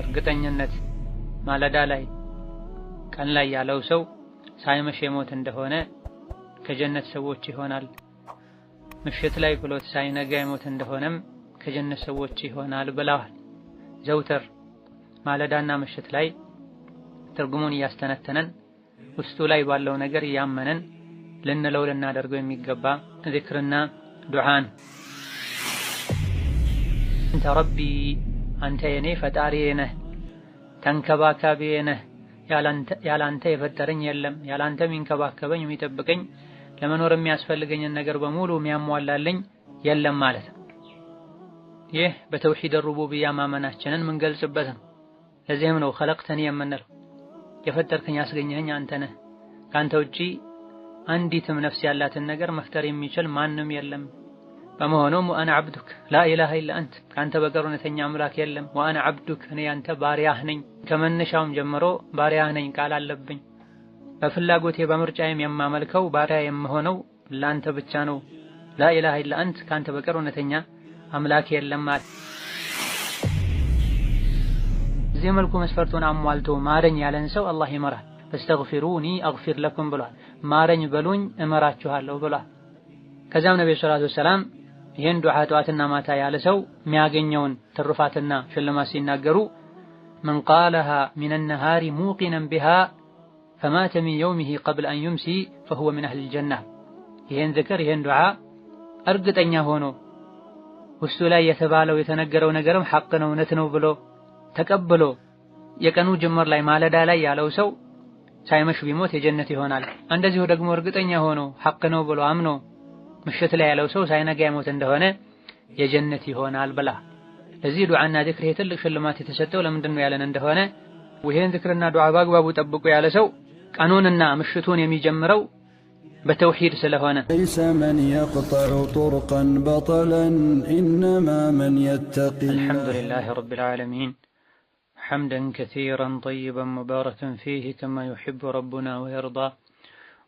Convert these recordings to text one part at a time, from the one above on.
እርግጠኝነት ማለዳ ላይ ቀን ላይ ያለው ሰው ሳይመሽ የሞት እንደሆነ ከጀነት ሰዎች ይሆናል። ምሽት ላይ ብሎት ሳይነጋ የሞት እንደሆነም ከጀነት ሰዎች ይሆናል ብለዋል። ዘውትር ማለዳና ምሽት ላይ ትርጉሙን እያስተነተነን ውስጡ ላይ ባለው ነገር እያመነን ልንለው ልናደርገው የሚገባ ዚክርና ዱዓን እንተ ረቢ አንተ የኔ ፈጣሪ ነህ፣ ተንከባካቢዬ ነህ። ያላንተ የፈጠረኝ የለም፣ ያላንተ የሚንከባከበኝ የሚጠብቀኝ፣ ለመኖር የሚያስፈልገኝን ነገር በሙሉ የሚያሟላልኝ የለም ማለት ነው። ይህ በተውሂድ ሩቡብያ ማመናችንን ምንገልጽበት ነው። ለዚህም ነው ኸለቅተኒ የምንለው የፈጠርከኝ ያስገኘኸኝ አንተ ነህ፣ ከአንተ ውጪ አንዲትም ነፍስ ያላትን ነገር መፍጠር የሚችል ማንም የለም በመሆኑም ወአና አብዱክ ላኢላሃ ኢላ አንት ከአንተ በቀር እውነተኛ አምላክ የለም። ወአና አብዱክ እኔ ያንተ ባሪያህ ነኝ። ከመነሻውም ጀምሮ ባሪያህ ነኝ ቃል አለብኝ። በፍላጎቴ በምርጫዬም የማመልከው ባሪያ የምሆነው ላንተ ብቻ ነው። ላኢላሃ ኢላ አንት ከአንተ በቀር እውነተኛ አምላክ የለም ማለት እዚህ መልኩ መስፈርቱን አሟልቶ ማረኝ ያለን ሰው አላህ ይመራል። ፈስተግፊሩኒ አግፊር ለኩም ብሏል። ማረኝ በሉኝ እመራችኋለሁ ብሏል። ከዚያም ነብዩ ሰለላሁ ዐለይሂ ይህን ዱዓ ጠዋትና ማታ ያለ ሰው የሚያገኘውን ትሩፋትና ሽልማት ሲናገሩ من قالها من النهار موقنا بها فمات من يومه قبل أن يمسي فهو من أهل الجنة ይህን ذكر ይህን ዱዓ እርግጠኛ ሆኖ ውስጡ ላይ የተባለው የተነገረው ነገርም ሐቅ ነው እውነት ነው ብሎ ተቀብሎ የቀኑ ጅምር ላይ ማለዳ ላይ ያለው ሰው ሳይመሽ ቢሞት የጀነት ይሆናል። እንደዚሁ ደግሞ እርግጠኛ ሆኖ ሐቅ ነው ብሎ አምኖ ምሽት ላይ ያለው ሰው ሳይነጋ የሞት እንደሆነ የጀነት ይሆናል ብላ። ለዚህ ዱዓና ዚክር ትልቅ ሽልማት የተሰጠው ለምንድን ነው ያለን እንደሆነ ይህን ዚክርና ዱዓ በአግባቡ ጠብቁ ያለ ሰው ቀኑንና ምሽቱን የሚጀምረው በተውሂድ ስለሆነ ለይሰ መን የቅጠዑ ጡርቀን በጠለን ኢነማ መን የተቂ አልሐምዱሊላህ ረቢል ዓለሚን حمدا كثيرا طيبا مباركا فيه كما يحب ربنا ويرضى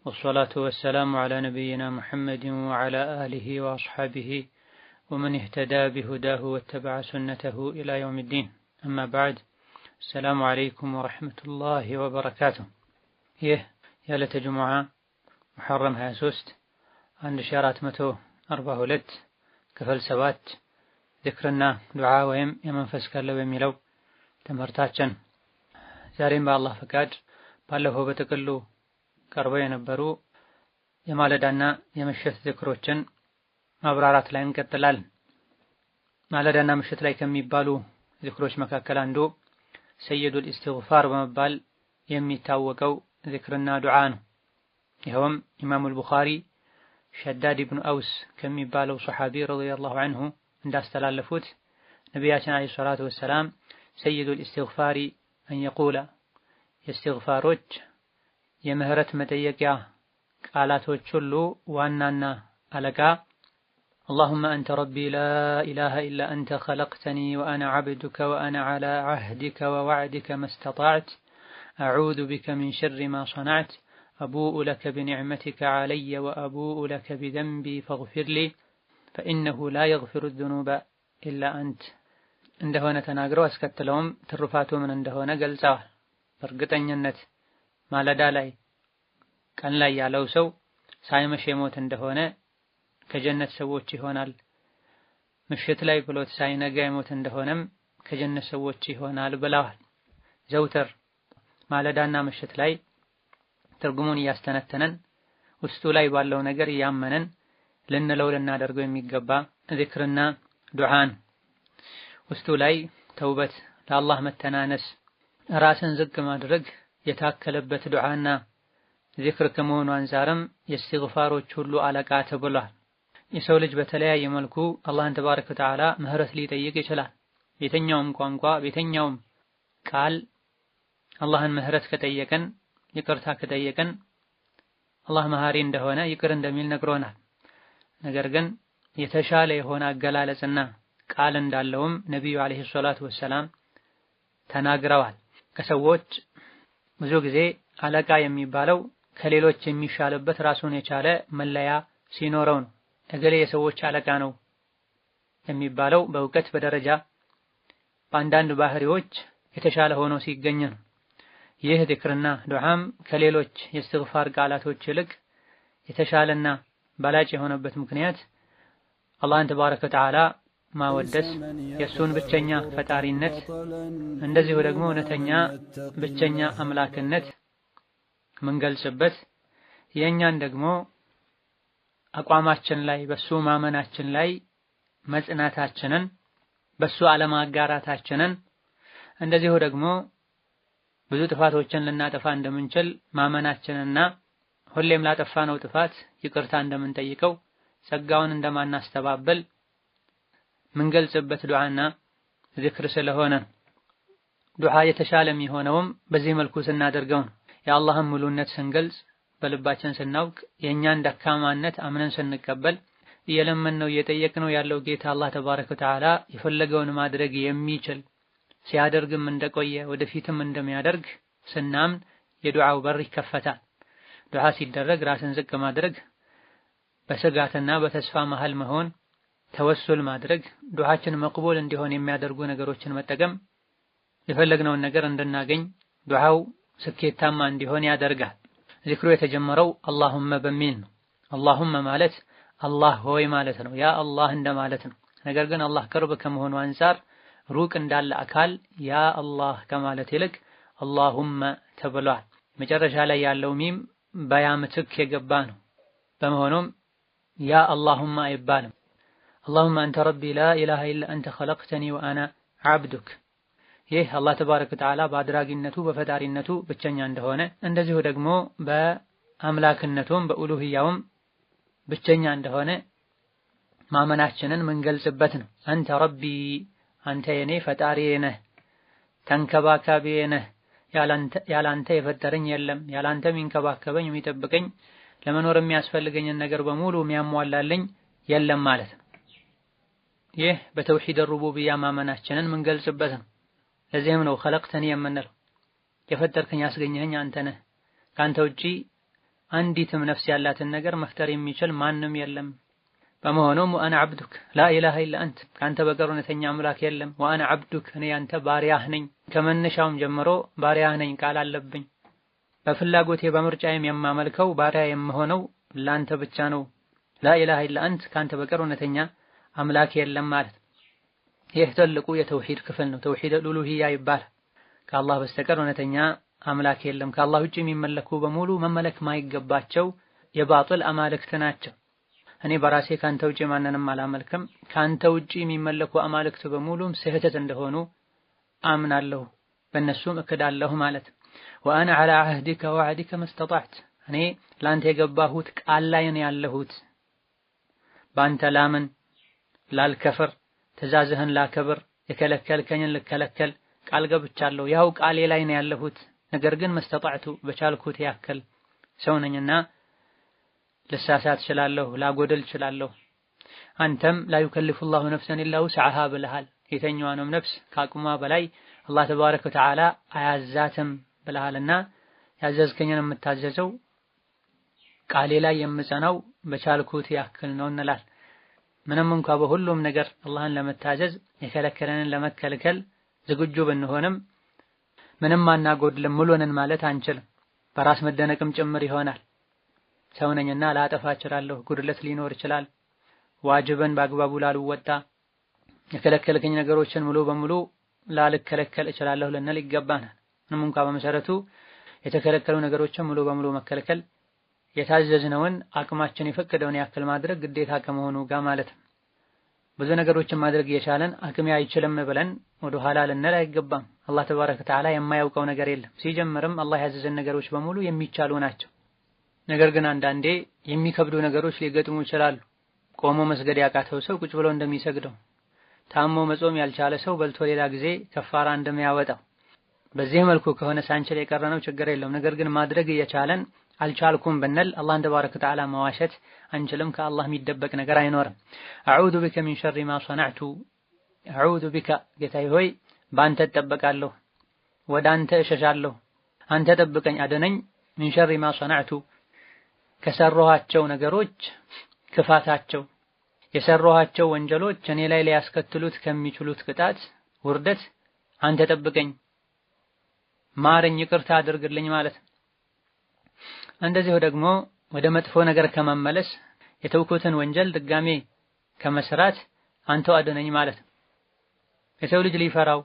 والصلاة والسلام على نبينا محمد وعلى آله وأصحابه ومن اهتدى بهداه واتبع سنته إلى يوم الدين أما بعد السلام عليكم ورحمة الله وبركاته يه يا جمعة محرم هاسوست عند شارات متو أربع هلت كفل سوات ذكرنا دعاء ويم يمن فسكر لو يميلو تمرتاتشن بالله فكاد بالله هو بتقلو ቀርበው የነበሩ የማለዳና የምሽት ዝክሮችን ማብራራት ላይ እንቀጥላል። ማለዳና ምሽት ላይ ከሚባሉ ዝክሮች መካከል አንዱ ሰይዱል ኢስቲግፋር በመባል የሚታወቀው ዝክርና ዱዓ ነው። ይኸውም ኢማሙል ቡኻሪ ሸዳድ ኢብኑ አውስ ከሚባለው ሰሓቢ ረዲየላሁ አንሁ እንዳስተላለፉት ነቢያችን ዓለይሂ ሰላቱ ወሰላም ሰይዱል ኢስቲግፋሪ አንየቁላ የእስትግፋሮች የምህረት መጠየቂያ ቃላቶች ሁሉ واننا አለቃ اللهم أنت ربي لا إله إلا أنت خلقتني وأنا عبدك وأنا على عهدك ووعدك ما استطعت أعوذ بك من شر ما صنعت أبوء لك بنعمتك علي وأبوء لك بذنبي فاغفر لي فإنه لا يغفر الذنوب إلا أنت عندهون تناقر واسكت لهم ترفاتهم من عندهون قلتا فرقتن ينت ማለዳ ላይ ቀን ላይ ያለው ሰው ሳይመሽ የሞት እንደሆነ ከጀነት ሰዎች ይሆናል። ምሽት ላይ ብሎት ሳይነጋ የሞት እንደሆነም ከጀነት ሰዎች ይሆናል ብለዋል። ዘውትር ማለዳና ምሽት ላይ ትርጉሙን እያስተነተነን ውስጡ ላይ ባለው ነገር እያመነን ልንለው ልናደርገው የሚገባ ዚክርና ዱዓን ውስጡ ላይ ተውበት፣ ለአላህ መተናነስ፣ ራስን ዝቅ ማድረግ የታከለበት ዱዓና ዚክር ከመሆኑ አንጻርም የእስትግፋሮች ሁሉ አለቃ ተብሏል። የሰው ልጅ በተለያየ መልኩ አላህን ተባረከ ወተዓላ ምህረት ሊጠይቅ ይችላል። የተኛውም ቋንቋ የተኛውም ቃል አላህን ምህረት ከጠየቀን ይቅርታ ከጠየቀን አላህ መሃሪ እንደሆነ ይቅር እንደሚል ነግሮናል። ነገር ግን የተሻለ የሆነ አገላለጽና ቃል እንዳለውም ነቢዩ ዓለይሂ ሰላቱ ወሰላም ተናግረዋል። ከሰዎች ብዙ ጊዜ አለቃ የሚባለው ከሌሎች የሚሻልበት ራሱን የቻለ መለያ ሲኖረው ነው። እገሌ የሰዎች አለቃ ነው የሚባለው በእውቀት በደረጃ በአንዳንድ ባህሪዎች የተሻለ ሆኖ ሲገኝ ነው። ይህ ዚክርና ዱዓም ከሌሎች የእስትግፋር ቃላቶች ይልቅ የተሻለና በላጭ የሆነበት ምክንያት አላህን ተባረከ ወተዓላ ማወደስ የእሱን ብቸኛ ፈጣሪነት እንደዚሁ ደግሞ እውነተኛ ብቸኛ አምላክነት ምንገልጽበት የእኛን ደግሞ አቋማችን ላይ በሱ ማመናችን ላይ መጽናታችንን በሱ አለማጋራታችንን እንደዚሁ ደግሞ ብዙ ጥፋቶችን ልናጠፋ እንደምንችል ማመናችንና ሁሌም ላጠፋነው ጥፋት ይቅርታ እንደምንጠይቀው ጸጋውን እንደማናስተባበል ምንገልጽበት ዱዓና ዝክር ስለሆነ ዱዓ የተሻለ የሚሆነውም በዚህ መልኩ ስናደርገው ነው። የአላህን ሙሉነት ስንገልጽ በልባችን ስናውቅ የእኛን ደካማነት አምነን ስንቀበል እየለመንነው ነው እየጠየቅ ነው ያለው ጌታ አላህ ተባረከ ወተዓላ የፈለገውን ማድረግ የሚችል ሲያደርግም እንደቆየ ወደፊትም እንደሚያደርግ ስናምን የዱዓው በር ይከፈታል። ዱዓ ሲደረግ ራስን ዝቅ ማድረግ፣ በስጋትና በተስፋ መሃል መሆን ተወሱል ማድረግ ዱዓችን መቅቡል እንዲሆን የሚያደርጉ ነገሮችን መጠቀም የፈለግነውን ነገር እንድናገኝ ዱዓው ስኬታማ እንዲሆን ያደርጋል። ዚክሩ የተጀመረው አላሁመ በሚል ነው። አላሁመ ማለት አላህ ሆይ ማለት ነው። ያ አላህ እንደማለት ነው። ነገር ግን አላህ ቅርብ ከመሆኑ አንጻር ሩቅ እንዳለ አካል ያ አላህ ከማለት ይልቅ አላሁመ ተብሏል። መጨረሻ ላይ ያለው ሚም በያ ምትክ የገባ ነው። በመሆኑም ያ አላሁመ አይባልም። አላሁመ አንተ ረቢ ላኢላሃ ኢላ አንተ ኸለቅተኒ ወአና አብዱክ። ይህ አላህ ተባረከ ወተዓላ በአድራጊነቱ በፈጣሪነቱ ብቸኛ እንደሆነ እንደዚሁ ደግሞ በአምላክነቱም በኡሉህያውም ብቸኛ እንደሆነ ማመናችንን ምንገልጽበት ነው። አንተ ረቢ አንተ የኔ ፈጣሪዬ ነህ፣ ተንከባካቢዬ ነህ። ያላንተ የፈጠረኝ የለም፣ ያላንተ የሚንከባከበኝ የሚጠብቀኝ፣ ለመኖር የሚያስፈልገኝን ነገር በሙሉ የሚያሟላልኝ የለም ማለት ነው። ይህ በተውሂድ ሩቡቢያ ማመናችንን ምንገልጽበት ነው። ለዚህም ነው ኸለቅተኒ የምንለው የፈጠርከኝ ያስገኘኸኝ አንተ ነህ፣ ከአንተ ውጪ አንዲትም ነፍስ ያላትን ነገር መፍጠር የሚችል ማንም የለም። በመሆኑም ወአና አብዱክ ላኢላሃ ኢላ አንት ከአንተ በቀር እውነተኛ አምላክ የለም። ወአና አብዱክ እኔ አንተ ባሪያህ ነኝ፣ ከመነሻውም ጀምሮ ባሪያህ ነኝ ቃል አለብኝ። በፍላጎቴ በምርጫዬም የማመልከው ባሪያ የምሆነው ላንተ ብቻ ነው። ላኢላሃ ኢላ አንት ከአንተ በቀር እውነተኛ አምላክ የለም ማለት። ይህ ትልቁ የተውሂድ ክፍል ነው። ተውሂድ ሉሉሂያ ይባላል። ከአላህ በስተቀር እውነተኛ አምላክ የለም። ከአላህ ውጭ የሚመለኩ በሙሉ መመለክ ማይገባቸው የባጥል አማልክት ናቸው። እኔ በራሴ ካንተ ውጭ ማንንም አላመልክም፣ ካንተ ውጭ የሚመለኩ አማልክት በሙሉም ስህተት እንደሆኑ አምናለሁ፣ በእነሱም እክዳለሁ ማለት ወአነ ዐላ ዐህዲከ ወዐዲከ መስተጣዕት እኔ ለአንተ የገባሁት ቃል ላይ ነው ያለሁት በአንተ ላምን ላልከፍር፣ ትእዛዝህን ላከብር፣ የከለከልከኝን ልከለከል ቃል ገብቻለሁ። ያው ቃሌ ላይ ነው ያለሁት። ነገር ግን መስተጣዕቱ በቻልኩት ያክል ሰው ነኝና ልሳሳት እችላለሁ፣ ላጎደል እችላለሁ። አንተም ላ ዩከልፉላሁ ነፍሰን ኢላ ውስዐሃ ብለሃል። የተኛዋንም ነፍስ ከአቅሟ በላይ አላህ ተባረከ ወተዓላ አያዛትም ብለሃልና ያዘዝከኝን የምታዘዘው ቃሌ ላይ የምጸናው በቻልኩት ያክል ነው እንላል። ምንም እንኳ በሁሉም ነገር አላህን ለመታዘዝ የከለከለንን ለመከልከል ዝግጁ ብንሆንም ምንም አናጎድልም ሙሉንን ማለት አንችልም። በራስ መደነቅም ጭምር ይሆናል። ሰውነኝና ላጠፋ እችላለሁ፣ ጉድለት ሊኖር ይችላል፣ ዋጅብን በአግባቡ ላልወጣ፣ የከለከልከኝ ነገሮችን ሙሉ በሙሉ ላልከለከል እችላለሁ ልንል ይገባናል። ምንም እንኳ በመሰረቱ የተከለከሉ ነገሮችን ሙሉ በሙሉ መከልከል የታዘዝነውን አቅማችን የፈቀደውን ያክል ማድረግ ግዴታ ከመሆኑ ጋር ማለት ነው። ብዙ ነገሮችን ማድረግ እየቻለን አቅሜ አይችልም ብለን ወደ ኋላ ልንል አይገባም። አላህ ተባረከ ተዓላ የማያውቀው ነገር የለም። ሲጀምርም አላህ ያዘዘን ነገሮች በሙሉ የሚቻሉ ናቸው። ነገር ግን አንዳንዴ የሚከብዱ ነገሮች ሊገጥሙ ይችላሉ። ቆሞ መስገድ ያቃተው ሰው ቁጭ ብሎ እንደሚሰግደው፣ ታሞ መጾም ያልቻለ ሰው በልቶ ሌላ ጊዜ ከፋራ እንደሚያወጣው፣ በዚህ መልኩ ከሆነ ሳንችል የቀረነው ችግር የለውም። ነገር ግን ማድረግ እየቻለን አልቻልኩም ብንል አላህን ተባረከ ወተዓላ መዋሸት አንችልም። ከአላህ የሚደበቅ ነገር አይኖርም። አዑዙ ቢከ ሚን ሸሪ ማ ሰነዕቱ፣ አዑዙ ቢከ ጌታዬ ሆይ በአንተ እጠበቃለሁ፣ ወደ አንተ እሸሻለሁ፣ አንተ ጠብቀኝ፣ አድነኝ። ሚን ሸሪ ማ ሰነዕቱ ከሰራኋቸው ነገሮች ክፋታቸው፣ የሰሯቸው ወንጀሎች እኔ ላይ ሊያስከትሉት ከሚችሉት ቅጣት፣ ውርደት አንተ ጠብቀኝ፣ ማረኝ፣ ይቅርታ አድርግልኝ ማለት ነው። እንደዚሁ ደግሞ ወደ መጥፎ ነገር ከመመለስ የተውኩትን ወንጀል ድጋሜ ከመስራት አንተ አድነኝ ማለት ነው። የሰው ልጅ ሊፈራው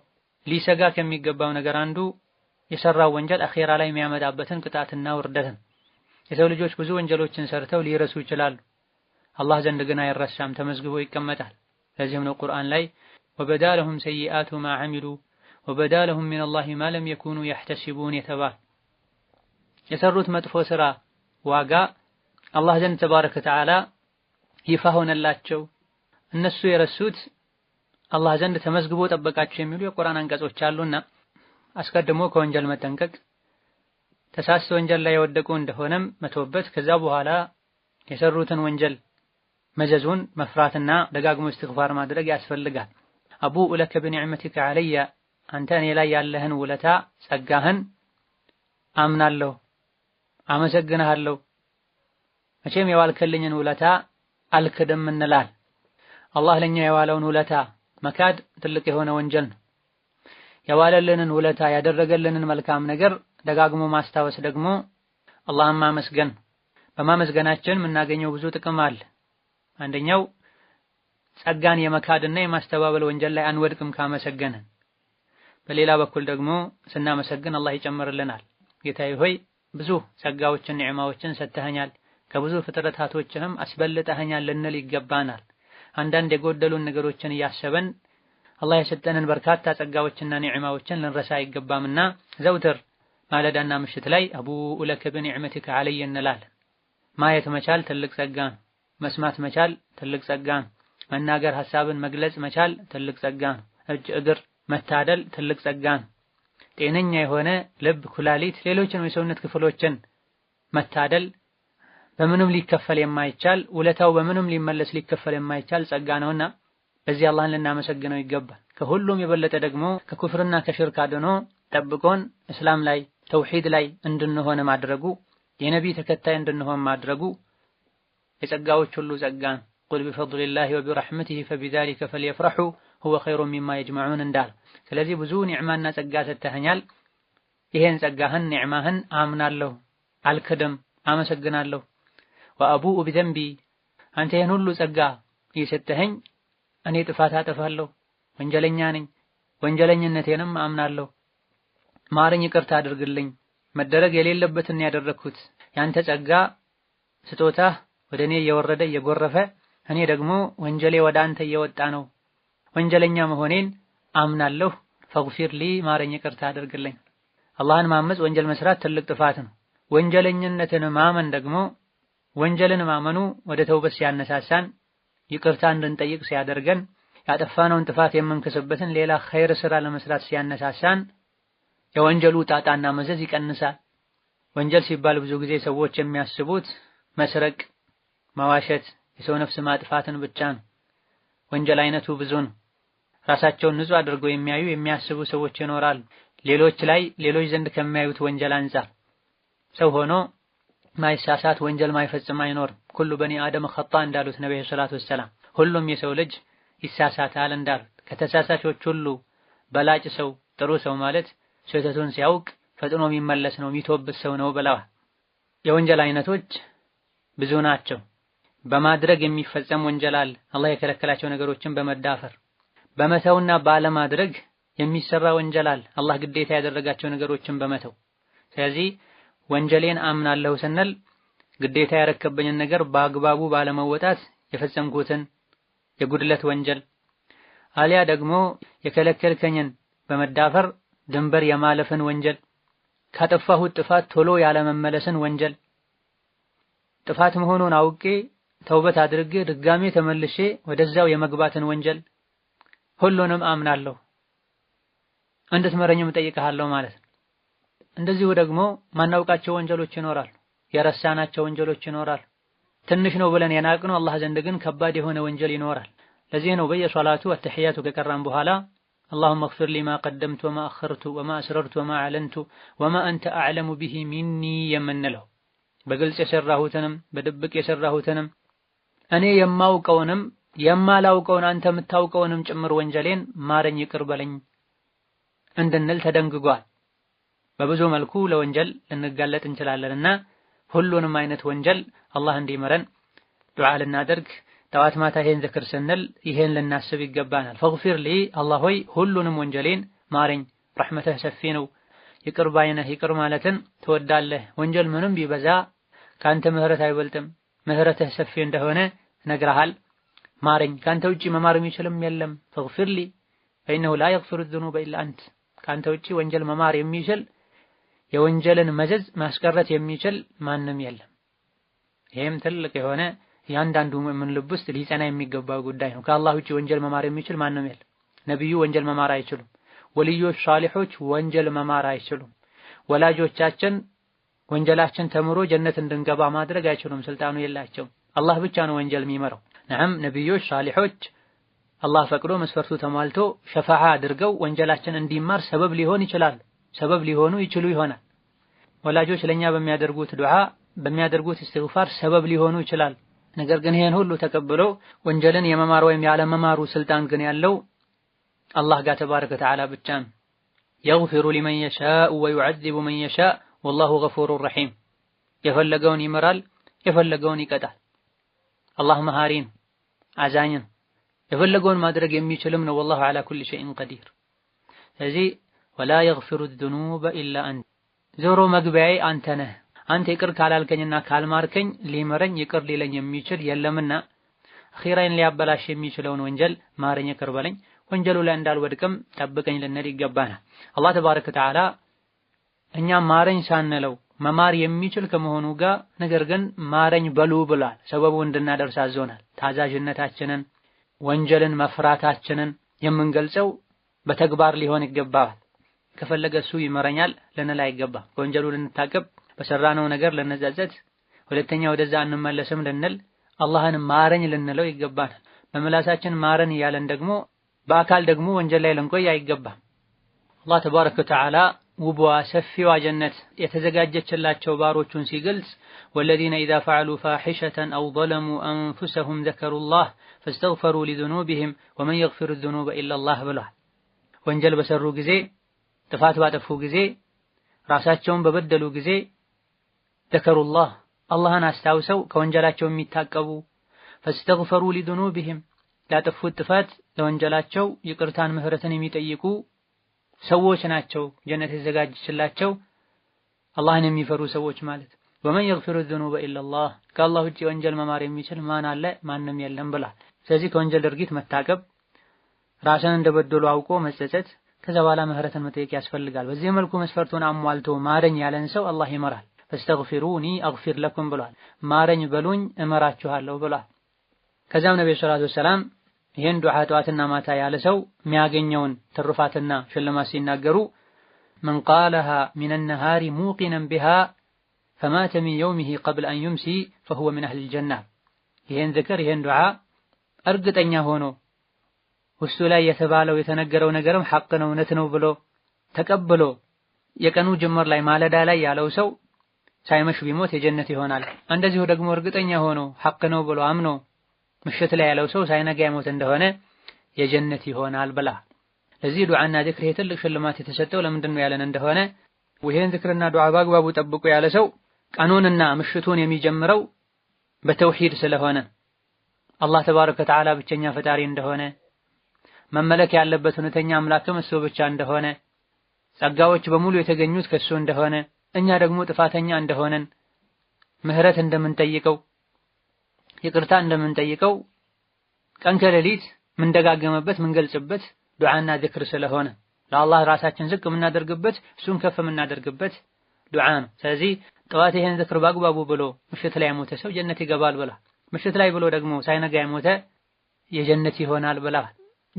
ሊሰጋ ከሚገባው ነገር አንዱ የሰራው ወንጀል አኼራ ላይ የሚያመጣበትን ቅጣትና ውርደትን የሰው ልጆች ብዙ ወንጀሎችን ሰርተው ሊረሱ ይችላሉ። አላህ ዘንድ ግን አይረሳም፣ ተመዝግቦ ይቀመጣል። ለዚህም ነው ቁርአን ላይ ወበዳ ለሁም ሰይአቱ ማ ዐሚሉ ወበዳ ለሁም ሚነላሂ ማ ለም የኩኑ የሕተሲቡን የተባል የሰሩት መጥፎ ስራ ዋጋ አላህ ዘንድ ተባረከ ወተዓላ ይፋ ሆነላቸው። እነሱ የረሱት አላህ ዘንድ ተመዝግቦ ጠበቃቸው የሚሉ የቁርአን አንቀጾች አሉና አስቀድሞ ከወንጀል መጠንቀቅ፣ ተሳስቶ ወንጀል ላይ የወደቁ እንደሆነም መተውበት፣ ከዛ በኋላ የሰሩትን ወንጀል መዘዙን መፍራትና ደጋግሞ እስትግፋር ማድረግ ያስፈልጋል። አቡ ለከ ቢኒዕመቲከ ዐለየ አንተ እኔ ላይ ያለህን ውለታ ጸጋህን አምናለሁ አመሰግንሃለሁ መቼም የዋልከልኝን ውለታ አልክድም እንላል። አላህ ለኛ የዋለውን ውለታ መካድ ትልቅ የሆነ ወንጀል ነው። የዋለልንን ውለታ ያደረገልንን መልካም ነገር ደጋግሞ ማስታወስ ደግሞ አላህን ማመስገን። በማመስገናችን የምናገኘው ብዙ ጥቅም አለ። አንደኛው ጸጋን የመካድና የማስተባበል ወንጀል ላይ አንወድቅም ካመሰገንን። በሌላ በኩል ደግሞ ስናመሰግን አላህ ይጨምርልናል። ጌታዬ ሆይ ብዙ ጸጋዎችን ኒዕማዎችን ሰጥተኸኛል፣ ከብዙ ፍጥረታቶችህም አስበልጠኸኛል ልንል ይገባናል። አንዳንድ የጎደሉን ነገሮችን እያሰበን አላህ የሰጠንን በርካታ ጸጋዎችና ኒዕማዎችን ልንረሳ አይገባምና ዘውትር ማለዳና ምሽት ላይ አቡኡ ለከ ቢኒዕመቲከ ዐለይ እንላለን። ማየት መቻል ትልቅ ጸጋ ነው። መስማት መቻል ትልቅ ጸጋ ነው። መናገር ሐሳብን መግለጽ መቻል ትልቅ ጸጋ ነው። እጅ እግር መታደል ትልቅ ጸጋ ነው። ጤነኛ የሆነ ልብ፣ ኩላሊት፣ ሌሎችንም የሰውነት ክፍሎችን መታደል በምንም ሊከፈል የማይቻል ውለታው በምንም ሊመለስ ሊከፈል የማይቻል ጸጋ ነውና በዚህ አላህን ልናመሰግነው ይገባል። ከሁሉም የበለጠ ደግሞ ከኩፍርና ከሽርክ አድኖ ጠብቆን እስላም ላይ ተውሂድ ላይ እንድንሆን ማድረጉ የነቢይ ተከታይ እንድንሆን ማድረጉ የጸጋዎች ሁሉ ጸጋ ቁል ቢፈድሊላሂ ወቢረሕመቲሂ ፈቢዛሊከ ፈልየፍረሑ ሁወ ኸይሩ ሚማ የጅመዑን እንዳል። ስለዚህ ብዙ ኒዕማና ጸጋ ሰጥተኸኛል። ይሄን ጸጋህን ኒዕማህን አምናለሁ፣ አልክድም፣ አመሰግናለሁ። ወአቡኡ ቢዘንቢ አንተ ይህን ሁሉ ጸጋ የሰጠኸኝ እኔ ጥፋት አጠፋለሁ፣ ወንጀለኛ ነኝ፣ ወንጀለኝነቴንም አምናለሁ። ማረኝ፣ ይቅርታ አድርግልኝ። መደረግ የሌለበትን ያደረግኩት ያንተ ጸጋ ስጦታህ ወደ እኔ እየወረደ እየጎረፈ እኔ ደግሞ ወንጀሌ ወደ አንተ እየወጣ ነው ወንጀለኛ መሆኔን አምናለሁ። ፈግፊር ሊ ማረኝ፣ ይቅርታ አድርግልኝ። አላህን ማመዝ ወንጀል መስራት ትልቅ ጥፋት ነው። ወንጀለኝነትን ማመን ደግሞ ወንጀልን ማመኑ ወደ ተውበት ሲያነሳሳን፣ ይቅርታ እንድንጠይቅ ሲያደርገን፣ ያጠፋነውን ጥፋት የምንክስበትን ሌላ ኸይር ስራ ለመስራት ሲያነሳሳን የወንጀሉ ጣጣና መዘዝ ይቀንሳል። ወንጀል ሲባል ብዙ ጊዜ ሰዎች የሚያስቡት መስረቅ፣ መዋሸት፣ የሰው ነፍስ ማጥፋትን ብቻ ነው። ወንጀል አይነቱ ብዙ ነው። ራሳቸውን ንጹህ አድርገው የሚያዩ የሚያስቡ ሰዎች ይኖራሉ። ሌሎች ላይ ሌሎች ዘንድ ከሚያዩት ወንጀል አንጻር ሰው ሆኖ ማይሳሳት ወንጀል ማይፈጽም አይኖርም። ኩሉ በኒ አደም ኸጣ እንዳሉት ነብዩ ሰላቱ ወሰላም ሁሉም የሰው ልጅ ይሳሳታል እንዳሉት ከተሳሳቾች ሁሉ በላጭ ሰው ጥሩ ሰው ማለት ስህተቱን ሲያውቅ ፈጥኖ የሚመለስ ነው፣ የሚቶብስ ሰው ነው ብለዋል። የወንጀል አይነቶች ብዙ ናቸው። በማድረግ የሚፈጸም ወንጀል አለ። አላህ የከለከላቸው ነገሮችን በመዳፈር በመተውና ባለማድረግ የሚሰራ ወንጀል አለ። አላህ ግዴታ ያደረጋቸው ነገሮችን በመተው ስለዚህ ወንጀሌን አምናለሁ ስንል ግዴታ ያረከበኝን ነገር በአግባቡ ባለመወጣት የፈጸምኩትን የጉድለት ወንጀል አሊያ ደግሞ የከለከልከኝን በመዳፈር ድንበር የማለፍን ወንጀል ካጠፋሁት ጥፋት ቶሎ ያለመመለስን ወንጀል ጥፋት መሆኑን አውቄ ተውበት አድርጌ ድጋሜ ተመልሼ ወደዛው የመግባትን ወንጀል ሁሉንም አምናለሁ እንድትመረኝም እጠይቅሃለሁ ማለት ነው። እንደዚሁ ደግሞ ማናውቃቸው ወንጀሎች ይኖራሉ፣ የረሳናቸው ወንጀሎች ይኖራሉ። ትንሽ ነው ብለን የናቅነው አላህ ዘንድ ግን ከባድ የሆነ ወንጀል ይኖራል። ለዚህ ነው በየሶላቱ አተሕያቱ ከቀራም በኋላ አላሁመ እግፊር ሊ ማ ቀደምቱ ወማ አኸርቱ ወማ አስረርቱ ወማ አዕለንቱ ወማ አንተ አዕለሙ ቢሂ ሚኒ የምንለው በግልጽ የሰራሁትንም በድብቅ የሰራሁትንም እኔ የማውቀውንም የማላውቀውን አንተ የምታውቀውንም ጭምር ወንጀሌን ማረኝ ይቅር በለኝ እንድንል ተደንግጓል። በብዙ መልኩ ለወንጀል ልንጋለጥ እንችላለንና ሁሉንም አይነት ወንጀል አላህ እንዲመረን ዱዓ ልናደርግ ጠዋት ማታ ይሄን ዝክር ስንል ይሄን ልናስብ ይገባናል። ፈግፊር ሊ አላህ ሆይ ሁሉንም ወንጀሌን ማረኝ፣ ረሕመትህ ሰፊ ነው፣ ይቅር ባይነህ ይቅር ማለትን ትወዳለህ። ወንጀል ምንም ቢበዛ ከአንተ ምህረት አይበልጥም፣ ምህረትህ ሰፊ እንደሆነ ነግረሃል። ማረኝ፣ ካንተ ውጪ መማር የሚችልም የለም። ፈግፊር ሊ ፈኢነሁ ላ የግፊሩ ዙኑበ ኢላ አንት፣ ካንተ ውጪ ወንጀል መማር የሚችል የወንጀልን መዘዝ ማስቀረት የሚችል ማንም የለም። ይህም ትልቅ የሆነ እያንዳንዱ ሙእምን ልብ ውስጥ ሊጸና የሚገባው ጉዳይ ነው። ከአላህ ውጪ ወንጀል መማር የሚችል ማንም የለም። ነቢዩ ወንጀል መማር አይችሉም። ወልዮች ሷሊሖች ወንጀል መማር አይችሉም። ወላጆቻችን ወንጀላችን ተምሮ ጀነት እንድንገባ ማድረግ አይችሉም። ስልጣኑ የላቸውም። አላህ ብቻ ነው ወንጀል የሚመራው። ነዓም ነቢዮች ሳሊሖች አላህ ፈቅዶ መስፈርቱ ተሟልቶ ሸፋዓ አድርገው ወንጀላችን እንዲማር ሰበብ ሊሆን ይችላል፣ ሰበብ ሊሆኑ ይችሉ ይሆናል። ወላጆች ለኛ በሚያደርጉት ዱዓ በሚያደርጉት እስትግፋር ሰበብ ሊሆኑ ይችላል። ነገር ግን ይህን ሁሉ ተቀብሎ ወንጀልን የመማር ወይም ያለመማሩ ስልጣን ግን ያለው አላህ ጋር ተባረከ ወተዓላ ብቻ ነው። የግፊሩ ሊመን የሻእ ወዩዐዚቡ መን የሻእ ወላሁ ገፉሩን ረሒም። የፈለገውን ይመራል፣ የፈለገውን ይቀጣል። አላህ መሃሪ ነው። አዛኝ ነው። የፈለገውን ማድረግ የሚችልም ነው። ወላሁ ዐላ ኩል ሸይን ቀዲር። ስለዚህ ወላ የግፊሩ ዙኑበ ኢላ አንተ፣ ዞሮ መግቢያዬ አንተ ነህ። አንተ ይቅር ካላልከኝና ካልማርከኝ ሊምረኝ ይቅር ሊለኝ የሚችል የለምና አኺራይን ሊያበላሽ የሚችለውን ወንጀል ማረኝ፣ ይቅር በለኝ፣ ወንጀሉ ላይ እንዳልወድቅም ጠብቀኝ ልንል ይገባናል። አላህ ተባረከ ወተዓላ እኛ ማረኝ ሳንለው መማር የሚችል ከመሆኑ ጋር ነገር ግን ማረኝ በሉ ብሏል። ሰበቡ እንድናደርስ አዞናል። ታዛዥነታችንን፣ ወንጀልን መፍራታችንን የምንገልጸው በተግባር ሊሆን ይገባል። ከፈለገ እሱ ይመረኛል ልንል አይገባም። ከወንጀሉ ልንታቀብ፣ በሰራነው ነገር ልንጸጸት፣ ሁለተኛ ወደዛ እንመለስም ልንል፣ አላህን ማረኝ ልንለው ይገባል። በምላሳችን ማረን እያለን ደግሞ በአካል ደግሞ ወንጀል ላይ ልንቆይ አይገባም። አላህ ተባረከ ወተዓላ ውቧ ሰፊዋ ጀነት የተዘጋጀችላቸው ባሮቹን ሲገልጽ ወለዚነ ኢዛ ፈዐሉ ፋሒሸተን አው ዘለሙ አንፉሰሁም ዘከሩላህ ፈስተግፈሩ ሊዙኑቢሂም ወመን የግፊሩ ዙኑበ ኢለላህ ብሏል። ወንጀል በሰሩ ጊዜ፣ ጥፋት ባጠፉ ጊዜ፣ ራሳቸውን በበደሉ ጊዜ ዘከሩላህ አላህን አስታውሰው ከወንጀላቸው የሚታቀቡ ፈስተግፈሩ ሊዙኑቢሂም ላጠፉት ጥፋት ለወንጀላቸው ይቅርታን ምህረትን የሚጠይቁ ሰዎች ናቸው ጀነት የተዘጋጀችላቸው አላህን የሚፈሩ ሰዎች ማለት ወመን የግፊሩ ዙኑበ ኢላላህ ከአላህ ውጪ ወንጀል መማር የሚችል ማን አለ? ማንም የለም ብሏል። ስለዚህ ከወንጀል ድርጊት መታቀብ፣ ራስን እንደበደሉ አውቆ መጸጸት፣ ከዛ በኋላ ምህረትን መጠየቅ ያስፈልጋል። በዚህ መልኩ መስፈርቱን አሟልቶ ማረኝ ያለን ሰው አላህ ይመራል። ፈስተግፊሩኒ አግፊር ለኩም ብሏል። ማረኝ በሉኝ እመራችኋለሁ ብሏል። ከዛም ነብዩ ሰለላሁ ዐለይሂ ወሰለም ይህን ዱዓ ጠዋትና ማታ ያለ ሰው የሚያገኘውን ትሩፋትና ሽልማት ሲናገሩ መን ቃለሃ ሚነ ነሃሪ ሙቂነን ቢሃ ፈማተ ሚን የውሚሂ ቀብል አን ዩምሲ ፈሁወ ሚን አህል ልጀና ይህን ዝክር ይህን ዱዓ እርግጠኛ ሆኖ ውሱ ላይ የተባለው የተነገረው ነገርም ሐቅ ነው እውነት ነው ብሎ ተቀብሎ የቀኑ ጅምር ላይ ማለዳ ላይ ያለው ሰው ሳይመሽ ቢሞት የጀነት ይሆናል። እንደዚሁ ደግሞ እርግጠኛ ሆኖ ሐቅ ነው ብሎ አምኖ ምሽት ላይ ያለው ሰው ሳይነጋ ሞት እንደሆነ የጀነት ይሆናል ብላ። ለዚህ ዱዓና ዚክር ትልቅ ሽልማት የተሰጠው ለምንድን ነው ያለን እንደሆነ ይህን ዚክርና ዱዓ በአግባቡ ጠብቆ ያለ ሰው ቀኑንና ምሽቱን የሚጀምረው በተውሂድ ስለሆነ አላህ ተባረከ ወተዓላ ብቸኛ ፈጣሪ እንደሆነ መመለክ ያለበት እውነተኛ አምላክም እሱ ብቻ እንደሆነ ጸጋዎች በሙሉ የተገኙት ከሱ እንደሆነ እኛ ደግሞ ጥፋተኛ እንደሆነን ምህረት እንደምንጠይቀው ይቅርታ እንደምንጠይቀው ቀን ከሌሊት ምንደጋገመበት ምንገልጽበት ዱዓና ዝክር ስለሆነ ለአላህ ራሳችን ዝቅ የምናደርግበት እሱን ከፍ የምናደርግበት ዱዓ ነው። ስለዚህ ጠዋት ይሄን ዝክር በአግባቡ ብሎ ምሽት ላይ የሞተ ሰው ጀነት ይገባል ብላ፣ ምሽት ላይ ብሎ ደግሞ ሳይነጋ የሞተ የጀነት ይሆናል ብላ።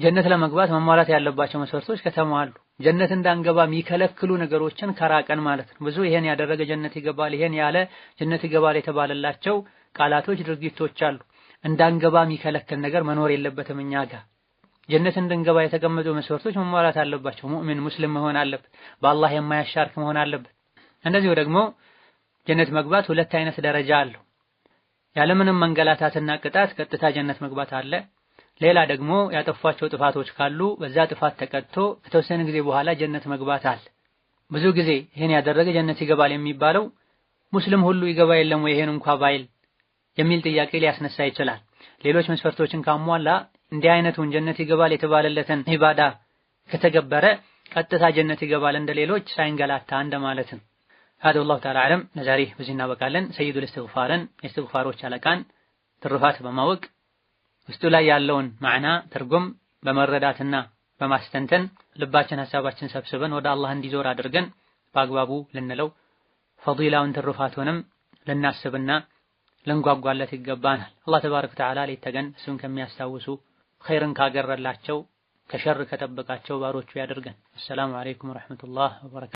ጀነት ለመግባት መሟላት ያለባቸው መስፈርቶች ከተሟሉ ጀነት እንዳንገባ የሚከለክሉ ነገሮችን ከራቀን ማለት ነው። ብዙ ይሄን ያደረገ ጀነት ይገባል፣ ይሄን ያለ ጀነት ይገባል የተባለላቸው ቃላቶች፣ ድርጊቶች አሉ። እንዳንገባ የሚከለክል ነገር መኖር የለበትም እኛ ጋር። ጀነት እንድንገባ የተቀመጡ መስፈርቶች መሟላት አለባቸው። ሙእሚን ሙስሊም መሆን አለበት። በአላህ የማያሻርክ መሆን አለበት። እንደዚሁ ደግሞ ጀነት መግባት ሁለት አይነት ደረጃ አለው። ያለምንም መንገላታትና ቅጣት ቀጥታ ጀነት መግባት አለ። ሌላ ደግሞ ያጠፏቸው ጥፋቶች ካሉ በዛ ጥፋት ተቀጥቶ ከተወሰነ ጊዜ በኋላ ጀነት መግባት አለ። ብዙ ጊዜ ይህን ያደረገ ጀነት ይገባል የሚባለው ሙስሊም ሁሉ ይገባ የለም ወይ ይሄን እንኳ ባይል የሚል ጥያቄ ሊያስነሳ ይችላል። ሌሎች መስፈርቶችን ካሟላ እንዲህ አይነቱን ጀነት ይገባል የተባለለትን ኢባዳ ከተገበረ ቀጥታ ጀነት ይገባል እንደሌሎች ሳይንገላታ እንደማለት ነው። ሀደ ወላሁ ተዓላ አዕለም። ለዛሬ በዚህ እናበቃለን። ሰይዱል እስትግፋርን የእስትግፋሮች አለቃን ትሩፋት በማወቅ ውስጡ ላይ ያለውን ማዕና ትርጉም በመረዳትና በማስተንተን ልባችን ሐሳባችን ሰብስበን ወደ አላህ እንዲዞር አድርገን በአግባቡ ልንለው ፈዲላውን ትሩፋቱንም ልናስብና ልንጓጓለት ይገባናል። አላህ ተባረከ ወተዓላ ሌት ተቀን እሱን ከሚያስታውሱ ኸይርን ካገረላቸው ከሸር ከጠበቃቸው ባሮቹ ያደርገን። አሰላሙ አለይኩም ወረሕመቱላህ ወበረካቱ